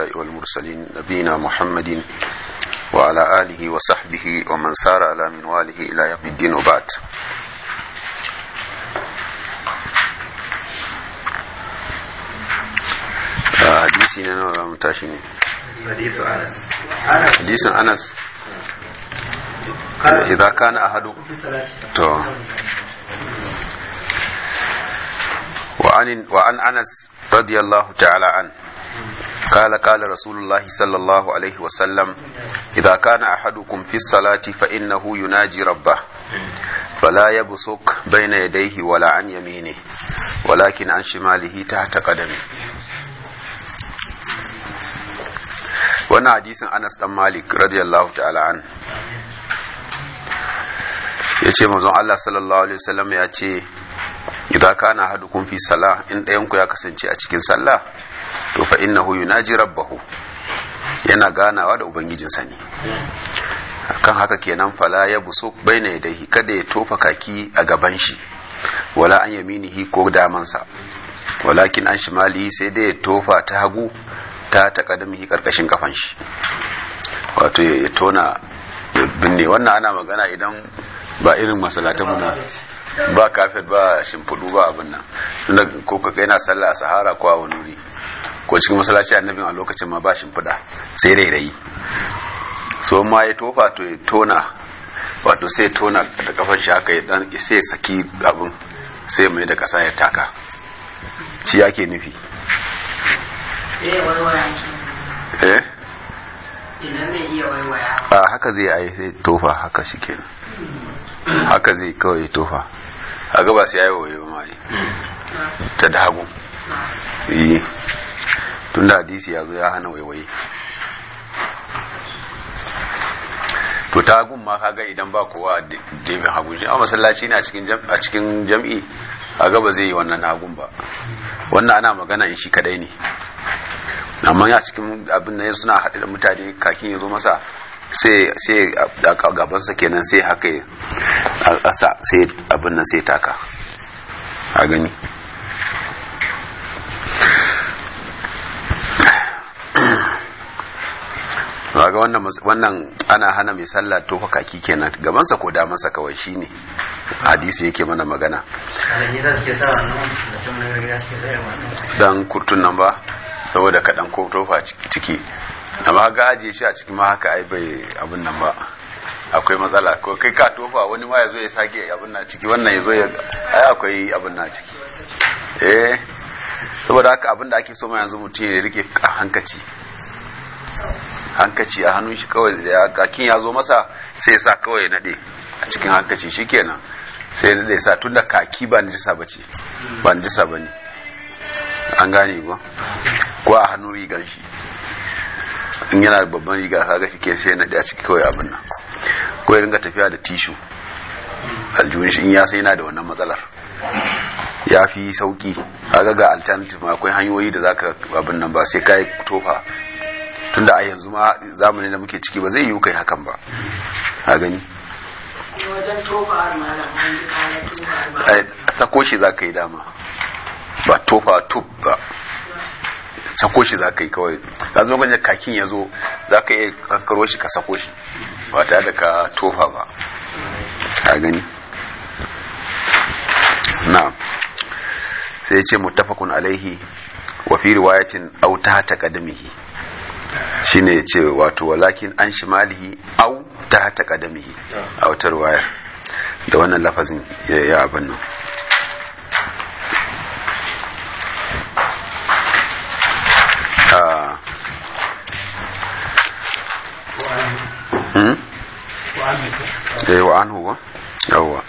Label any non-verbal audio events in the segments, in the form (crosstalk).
والمرسلين نبينا محمد وعلى آله وصحبه ومن سار على منواله إلى يوم الدين وبعد آه، حديثنا نوع حديث أنس أنس إذا كان أحد وعن وعن أنس رضي الله تعالى عنه قال قال رسول الله صلى الله عليه وسلم إذا كان أحدكم في الصلاة فإنه يناجي ربه فلا يبصق بين يديه ولا عن يمينه ولكن عن شماله تحت قدمه وانا حديث أنس بن مالك رضي الله تعالى عنه yace manzon Allah sallallahu alaihi wasallam ya ce idan kana hadukum fi sala in ɗayan ku ya kasance a cikin sallah to fa innahu yunaji rabbahu yana ganawa da ubangijin sani kan haka kenan fala ya busu baina yadayhi kada ya tofa kaki a gaban shi wala an yaminihi ko damansa walakin an shimali sai dai ya tofa ta hagu ta takadamihi karkashin kafan shi wato ya tona binne wannan ana magana idan ba irin masalatan na. ba kafet ba shimfidu ba abin nan tunda ko ka na sallah a sahara ko a wani ko cikin masallaci annabin a lokacin ma ba shimfida sai rairayi so ma ya tofa to ya tona wato sai tona da kafan shi haka ya dan sai saki abin sai mai da kasa ya taka shi yake nufi eh a haka zai yi tofa haka shi kenan haka zai kawai tofa a gaba sai yayi wayo ma ta dago yi eh. tun da hadisi ya zo ya hana waiwaye to ta hagun ma kaga idan ba kowa a hagun hagu a masallaci ne a cikin jam'i a gaba zai yi wannan hagun ba wannan ana magana in shi kadai ne amma a cikin abin da suna haɗe da mutane kakin ya zo masa sai sai a gabansa kenan sai haka a ƙasa sai abin nan sai taka a gani ga wannan wannan ana hana mai sallah to kaki kenan gabansa ko da masa kawai shine hadisi yake mana magana dan kurtun nan ba saboda kaɗan ko tofa ciki amma ga ajiye shi a cikin ma haka ai bai abin nan ba akwai matsala ko kai ka tofa wani ma yazo ya sake abin nan ciki wannan yazo ya ai akwai abin nan ciki eh saboda haka abin da ake so ma yanzu mutum ya rike hankaci hankaci a hannun shi kawai da ya kakin ya zo masa sai ya sa kawai ya nade a cikin hankaci shikenan sai ya nade ya sa tunda kaki ba nijisa bace ba nijisa bane an gane ba ko a hannun rigar shi in yana babban riga kaga kike ke sai na da ciki kawai abin nan ko ya ringa tafiya da tishu aljihun shi in ya sai yana da wannan matsalar ya fi sauki kaga ga alternative ma akwai hanyoyi da zaka abin nan ba sai kai tofa tunda a yanzu ma zamanin da muke ciki ba zai yi kai hakan ba a gani ta koshi za ka yi dama ba tofa tub ba sako shi za ka yi kawai ka zama ganin kakin ya zo za ka iya kankaro shi ka sako shi ba ta da ka tofa ba a gani na sai ce mutafakun alaihi wa fi riwayatin au ta kadamihi shine ya ce wato walakin an shi au ta ta kadamihi a wata riwayar da wannan lafazin ya yi abin nan eh wa anhu ba yawa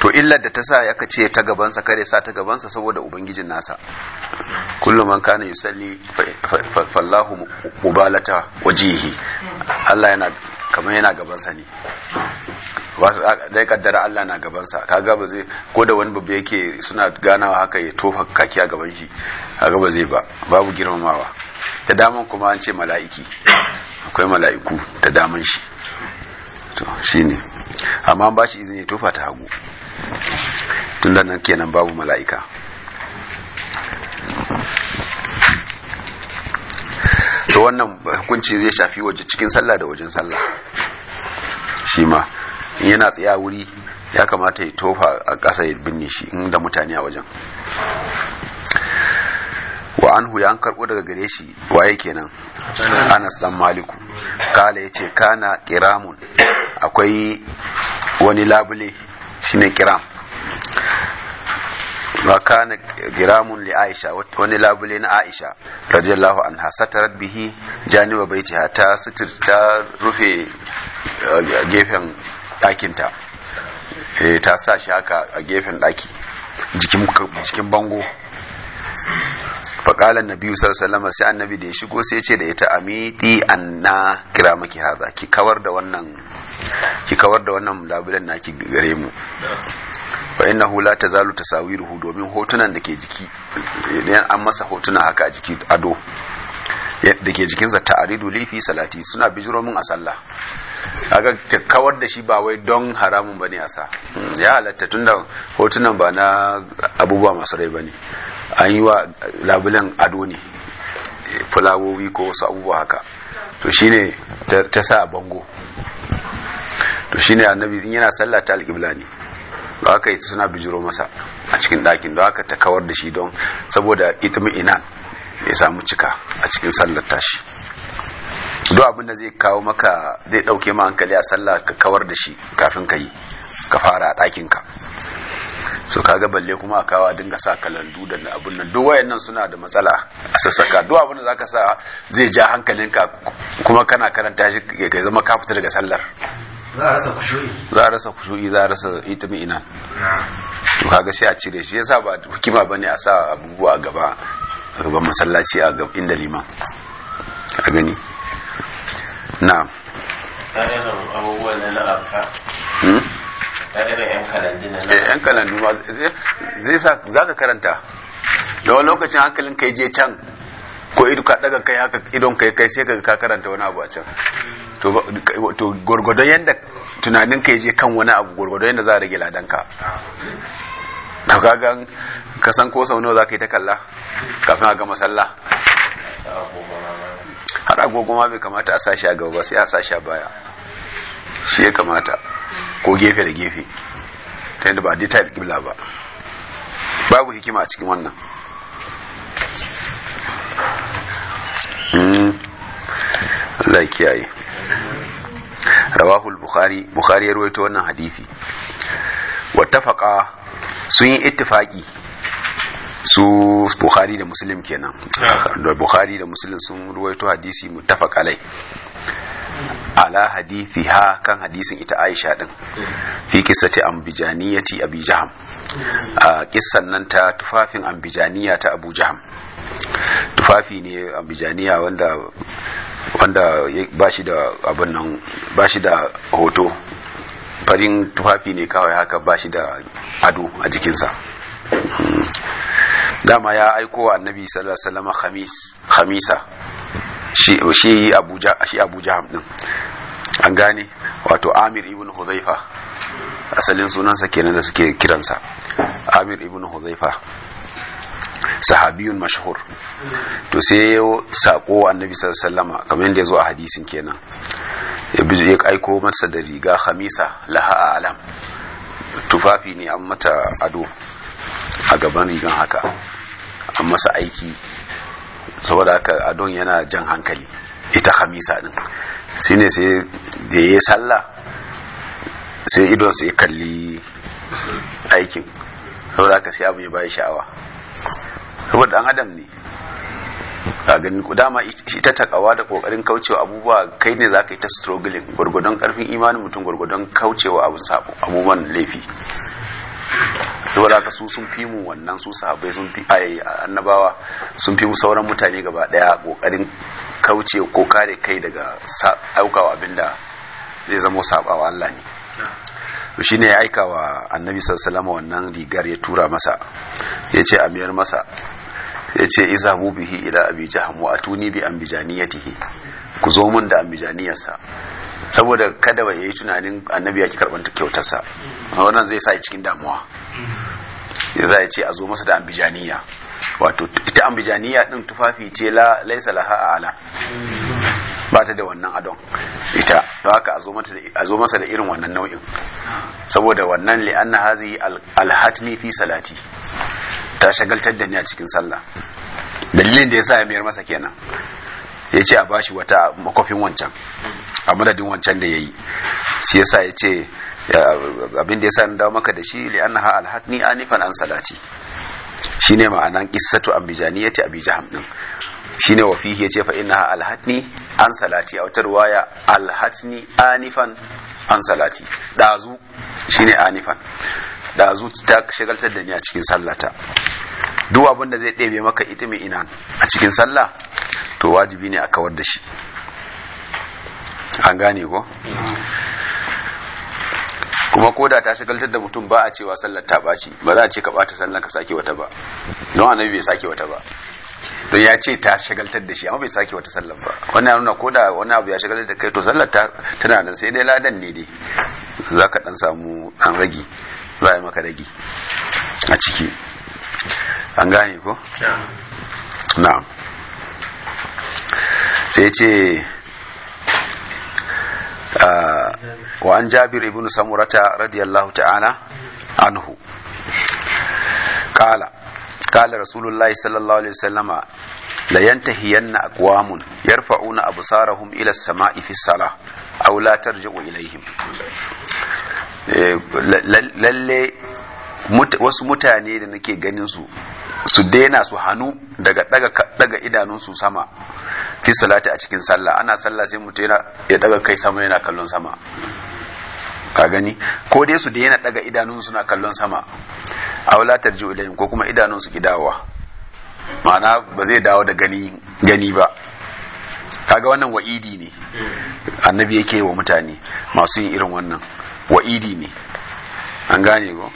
to illar da ta sa ya ce ta gabansa kare sa ta gabansa saboda ubangijin nasa kullum man kana yusalli fallahu mubalata wajihi Allah yana kamar yana gabansa ne ya kaddara Allah na gabansa kaga ba zai ko da wani babba yake suna ganawa haka ya tofa kaki a gaban shi kaga ba zai ba babu girmamawa da daman kuma an ce mala'iki akwai mala'iku da daman shi to shine amma an bashi izini ya ta hagu tun nan kenan babu mala'ika to wannan hukunci zai shafi waje cikin sallah da wajen sallah shi ma yana tsaya wuri ya kamata ya tofa a ƙasa ya binne shi inda mutane a wajen wa an ya an karɓo daga gare shi waye kenan anas dan maliku kala ya ce kana kiramun akwai wani labule shine kiram wa kana giramun li aisha wani labule na aisha radiyallahu anha hasatarar bihi janiba ciha ta sutur ta rufe eh, gefen ɗakinta eh, ta sa shi haka a gefen ɗaki jikin bango faƙalan na biyu sallama sai annabi da ya shigo sai ce da ita amiti anna kira maki haza ki kawar da wannan ki kawar da wannan labulan naki gare mu fa innahu la tazalu tasawiruhu domin hotunan da ke jiki eh, an masa hotuna haka a jiki ado da ke jikinsa ta'aridu laifi salati suna bijiro min a sallah kaga ta kawar da shi ba wai don haramun bane a sa hmm, ya halatta tunda hotunan ba na abubuwa masu rai bane an yi wa labulan ado ne fulawowi ko wasu abubuwa haka to shine ta sa a bango to shine annabi in yana sallah ta alƙibla ne da haka suna bijiro masa a cikin ɗakin da haka ta kawar da shi don saboda ita inan ya samu cika a cikin sallar tashi duk abin da zai kawo maka zai dauke ma hankali a sallah ka kawar da shi kafin ka yi ka fara a ɗakin ka so kaga balle kuma a kawo a dinga sa kalandu da abin nan duk wayannan suna da matsala a sassaka duk abin da zaka sa zai ja hankalinka kuma kana karanta shi ya zama ka fita daga sallar za a rasa kushuri za a rasa itimi ina to kaga sai a cire shi yasa ba hukima bane a sa abubuwa gaba a gaban masallaci a gab inda liman a gani na abubuwan hmm? na na'afka eh, yan kalandu ma zai sa za ka karanta da wani lokacin hankalin kai je can ko idu ka daga kai haka idon kai kai sai ka karanta wani abu a can to gwargwadon yadda tunanin kai je kan wani abu gwargwadon yadda za a rage ladanka to kaga ka san ko sau nawa zaka yi ta kalla kafin a gama sallah har agogo ma bai kamata a sashi a gaba sai a sashi a baya shi ya kamata ko gefe da gefe ta yadda ba a dita kibla ba babu hikima a cikin wannan hmm. Allah kiyaye rawahu bukhari bukhari ya ruwaito wannan hadisi wattafaqa sun yi ittifaki su bukhari da muslim kenan da bukhari da muslim sun ruwaito hadisi tafa kalai. ala hadithi ha kan hadisin ita aisha din fi kissati ambijaniyati abi jaham a kissan nan ta tufafin ambijaniya ta abu jaham tufafi ne ambijaniya wanda wanda da abin nan ba shi da hoto farin tufafi ne kawai haka ba shi da ado a jikinsa hmm. dama ya aiko wa annabi sallallahu alaihi wasallam khamis khamisa shi shi abuja shi abuja hamdin an gane wato amir ibn huzaifa asalin sunansa kenan da suke kiransa amir ibn huzaifa sahabiyun mashhur to sai ya sako annabi sallallahu kamar yadda ya zo a hadisin kenan ya aiko masa da riga khamisa laha alam tufafi ne an mata ado a gaban rigan haka an masa aiki saboda haka adon yana jan hankali ita khamisa din sai ne sai da ya sallah sai idonsa sai kalli aikin saboda haka sai abu ya bayi sha'awa saboda dan adam ne ka gani ku dama ita takawa da kokarin kaucewa abubuwa kai ne zaka yi ta struggling gurgudan karfin imanin mutum gurgudan kaucewa abun sabo abubuwan laifi saboda ka su sun fi mu wannan su sahabbai sun fi ayi annabawa sun fi sauran mutane gaba daya kokarin kauce ko kare kai daga aukawa abinda zai zama sabawa Allah ne to shine ya aika wa annabi sallallahu alaihi wasallam wannan rigar ya tura masa ya ce amiyar masa ya ce izabu bihi ila abi jahm wa atuni bi ambijaniyatihi ku zo mun da ambijaniyarsa saboda kada ba yayi tunanin annabi ya ki karban kyautarsa wannan zai sa cikin damuwa ya za ce a zo masa da ambijaniya wato ita ambijaniya din tufafi ce la laisa laha ala ba ta da wannan adon ita to haka a zo masa da irin wannan nau'in saboda wannan anna hazi alhatmi fi salati ta shagaltar da ni a cikin sallah dalilin da yasa ya mayar masa kenan ya ce a bashi wata makofin wancan a madadin wancan da ya yi shi ya sa ya ce abin da ya sa dawo maka da shi li'anna ha alhatmi anifan an salati Shi shine ma'anan qissatu ambijaniyati abi jaham din shine wafihi ya yace fa inna alhatni an salati a wata waya alhatni anifan an salati Ɗazu shi ne anifan Ɗazu ta shagaltar da ni a cikin sallata duk abin da zai ɗebe maka ita mai ina a cikin sallah to wajibi ne a kawar da shi an gane ko kuma ko da ta shagaltar da mutum ba a cewa sallar ta ɓaci ba za a ce ka ɓata sallar ka sake wata ba don annabi bai sake wata ba don ya ce ta shagaltar da shi amma bai sake wata sallar ba wannan nuna ko da wani abu ya shagaltar da kai to sallar ta tana nan sai dai ladan ne dai za ka ɗan samu an ragi za a yi maka ragi a ciki an gane ko? na'am sai ce ah, wa an jabir ibn samurata radiyallahu ta'ala anhu qala qala rasulullahi sallallahu alaihi wasallama la yantahiyanna aqwamun yarfa'una absarahum ila as-sama'i fi salah aw la tarji'u ilaihim lalle wasu mutane da nake ganin su su daina su hannu daga daga idanunsu sama fi salati a cikin sallah ana sallah sai mutum ya daga kai sama yana kallon sama ka gani ko dai su da yana daga idanun suna kallon sama a wala tarji ulayin ko kuma idanun su kidawa ma'ana ba zai dawo da gani gani ba kaga wannan wa'idi ne annabi yake wa mutane masu yin irin wannan wa'idi ne an gane ko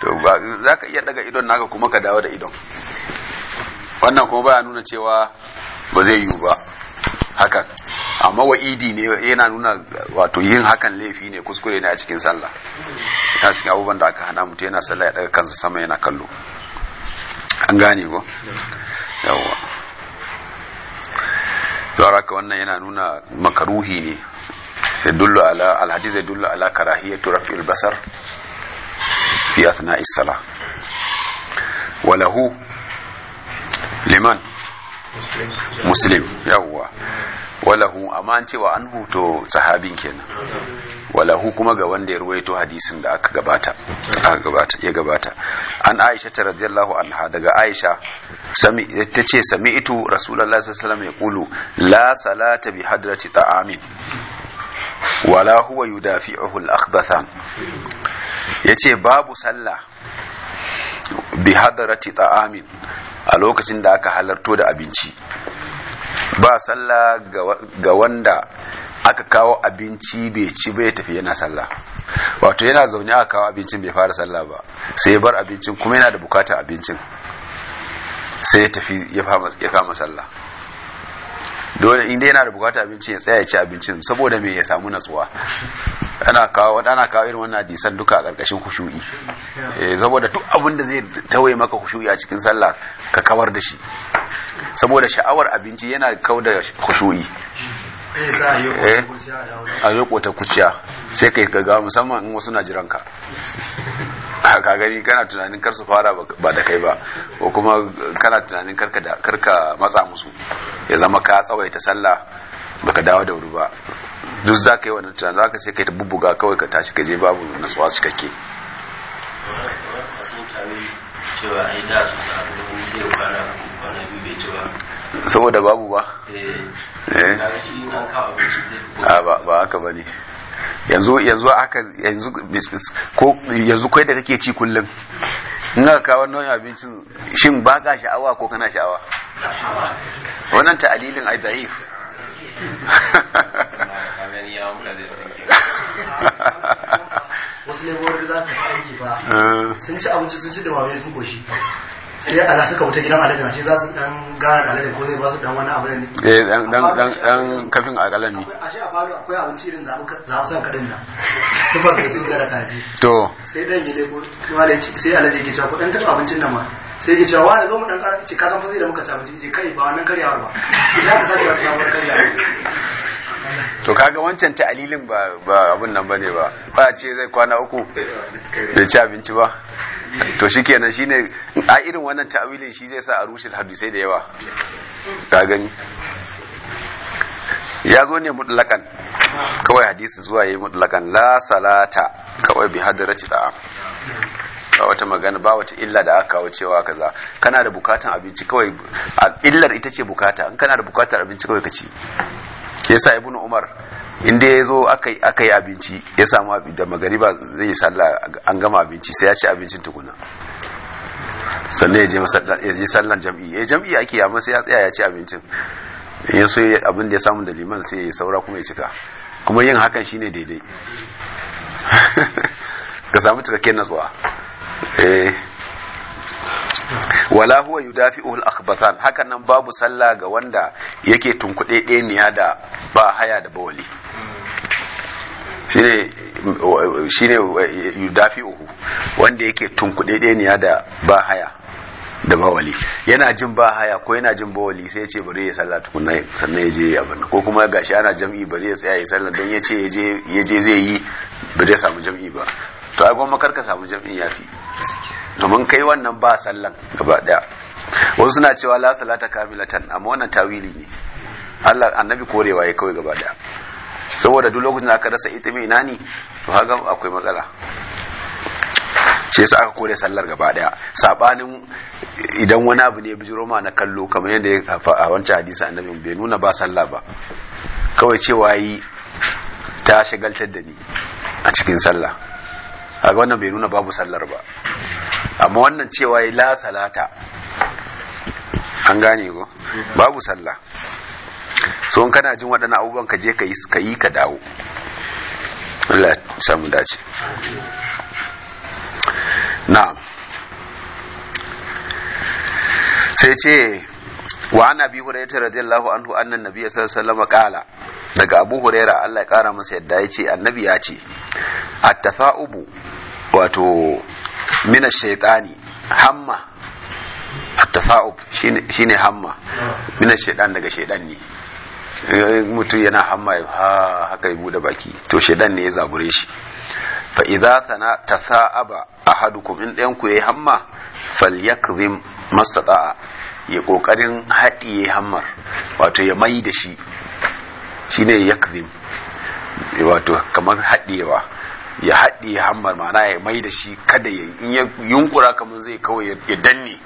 to za ka iya daga idon naka kuma ka dawo da idon wannan kuma baya nuna cewa ba zai yiwu ba hakan amma wa'idi ne yana nuna wato yin hakan laifi ne kuskure ne a cikin sallah Ina cikin abubuwan da aka hana mutum yana sallah ya daga kansa sama yana kallo an gane ko yawwa don ka wannan yana nuna makaruhi ne yadullu ala yadullu ala karahiyatu raf'il basar fi na salah walahu liman muslim yawwa walahu amma an cewa an huto sahabin kenan walahu kuma ga wanda ya ruwaito hadisin da aka gabata aka gabata ya gabata an aisha ta radiyallahu anha daga aisha sami tace sami'tu rasulullahi sallallahu alaihi wasallam yaqulu la salata bi hadrati ta'amin wala huwa yudafi'uhu al-akhbathan yace babu sallah bi hadrati ta'amin a lokacin da aka halarto da abinci ba sallah ga wanda aka kawo abinci bai ci bai tafi yana sallah wato yana zaune aka kawo abincin bai fara sallah ba sai ya bar abincin kuma yana da bukatar abincin sai ya tafi ya kama sallah dole inda yana da bukata abinci ya tsaya ya ci abincin saboda me ya samu natsuwa ana kawo ana kawo irin wannan hadisan duka a karkashin khushu'i eh saboda duk abin da zai tawaye maka khushu'i a cikin sallah ka kawar da shi saboda sha'awar abinci yana kau da khushu'i Eh, a yi kota eh? kuciya sai kai gaga musamman in wasu na jiran ka (laughs) ka gani kana tunanin kar su fara ba da kai ba ko kuma kana tunanin karka matsa musu ya zama ka tsawaita sallah ka dawo da wuri ba duk za ka yi wani tunanin za ka sai kai ta bubbuga kawai ka tashi ka je babu nasuwa su kake cewa yi da su sa'adu sai kwana biyu bai ci ba saboda babu ba eh, eh. Ah, ba haka bane yanzu yanzu aka yanzu ko yanzu kai da kake ci kullum ina kawo nau'in abincin shin ba ka sha'awa ko kana sha'awa wannan ta'alilin ai da'if wasu ne za ba (laughs) eh. sun ci abinci sun ci da ba sun koshi sai ala suka wuta gidan aladen shi za su dan gara da aladen ko zai ba su dan wani abu ne eh dan dan dan dan kafin akalami ashe a faru akwai abinci irin zabu zabusan kadin nan sifar da su gara kaji to sai dan yi ko kuma da sai aladen ke cewa ko dan taba abincin nan ma sai ke cewa wani zo mu dan kara ce ka san fa sai da muka ci abinci sai kai ba wannan karyawar ba Ina ka sake wata sabuwar karyawar to kaga wancan ta'alilin ba abun nan bane ba ba ce zai kwana uku bai ci abinci ba to shi shi ne a irin wannan ta'awilin shi zai sa a rushe hadisai da yawa ka gani ya zo ne mutlakan kawai hadisi zuwa yi mutlakan la salata kawai bi hadarati da'a ba wata magana ba wata illa da aka kawo cewa kaza kana da bukatan abinci kawai illar ita ce bukata in kana da bukatar abinci kawai ka ci yasa ibnu umar inda ya zo aka yi abinci ya samu da magariba zai yi sallah an gama abinci sai ya ci abincin tukuna sannan ya je sallan jam'i ya eh, jam'i ake amma sai ya tsaya ya ci abincin ya so abin da ya samu da liman sai ya saura kuma ya cika kuma yin hakan shine daidai (laughs) ka samu cikakken natsuwa eh. wala huwa yudafi'ul akhbathan hakan nan babu sallah ga wanda yake tunkuɗe ɗeniya da ba haya da bawali shine shine yudafi'uhu wanda yake tunkuɗe ɗeniya da ba haya da bawali yana jin ba haya ko yana jin bawali sai ya ce bari ya sallah tukunna sannan ya je ya bana, ko kuma gashi ana jam'i bari ya tsaya ya sallah don ya ce ya je zai yi bari ya samu jam'i ba to ai gwamma karka samu jam'i yafi domin kai wannan ba sallan gaba daya wasu suna cewa la salata kamilatan amma wannan tawili ne Allah annabi korewa ya kawai gaba daya saboda duk lokacin da aka rasa ita mai ina ne to haka akwai matsala shi yasa aka kore sallar gaba daya sabanin idan wani abu ne bijiro ma na kallo kamar yadda ya kafa a wancan hadisi annabi bai nuna ba sallah ba kawai cewa yi ta shagaltar da ni a cikin sallah haka wannan bai nuna babu sallar ba amma wannan cewa ya la salata an gane ko babu sallah so in kana jin waɗannan abubuwan ka je ka yi ka ka dawo Allah ya samu dace na'am sai ce wa an abi hurairah radiyallahu anhu annan nabiyyi sallallahu alaihi wasallam kala daga abu hurairah Allah ya kara masa yadda yace annabi ya ce at tafaubu wato mina shaitani hamma attafa'ub shine hamma mina shaitan daga shaitan ne mutum yana hamma ha haka ya bude baki to shaitan ne ya zabure shi fa idza sana tasa'aba ahadukum in ɗan ku yayi hamma falyakzim mastata'a ya kokarin haɗiye hammar wato ya mai da shi shine yakzim wato kamar haɗewa ya haɗe hammar ma'ana ya mai da shi kada ya yunkura kamar zai kawai ya danne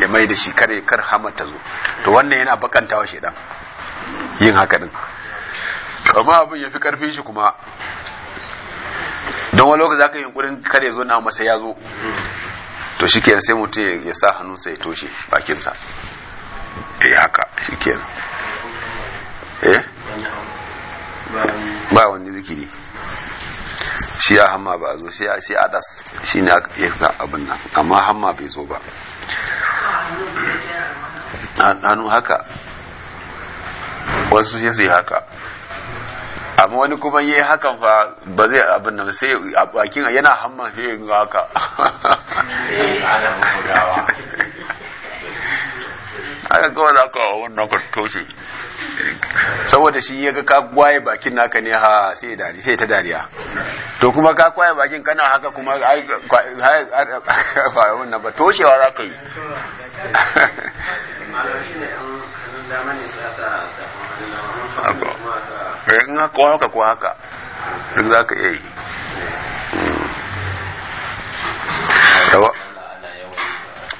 ya mai da shi kada ya kar hammar ta zo to wannan yana bakantawa shaidan yin haka din abin ya fi karfin shi kuma don wani lokaci zaka yunkurin kada ya zo na masa ya zo to shi shikenan sai mutum ya sa hannunsa ya toshe bakinsa ya haka shikenan eh ba wani zikiri shi ya hamma ba zo shi ya shi adas shi ne ya za abin nan amma hamma bai zo ba hannu haka wasu sai su yi haka amma wani kuma yi hakan fa ba zai abin nan sai bakin yana hamma shi yin haka haka kawai za ka wannan ka saboda shi ya ga ka kwaye bakin naka ne ha sai dari sai ta dariya to kuma ka kwaye bakin kana haka kuma ba wannan ba toshewa za ka yi (laughs) eh, in haka kuwa haka duk za ka iya yi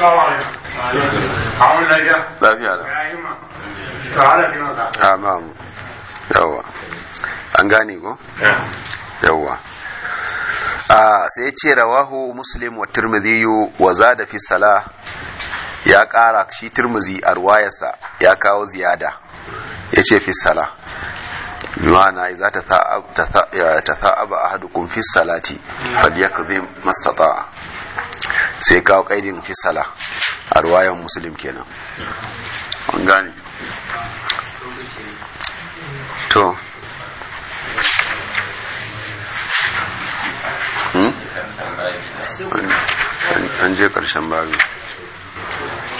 lafiya gane ko yawa sai ce rawahu muslim wa tirmidhi wa zada fi salah ya kara shi tirmizi a ruwayarsa ya kawo ziyada ya ce fi salah ta idza a hadukun fi salati falyakdhim mastata'a sai kawo kaidin fisala a ruwayan musulun kenan hmm? an gani to an je karshen babu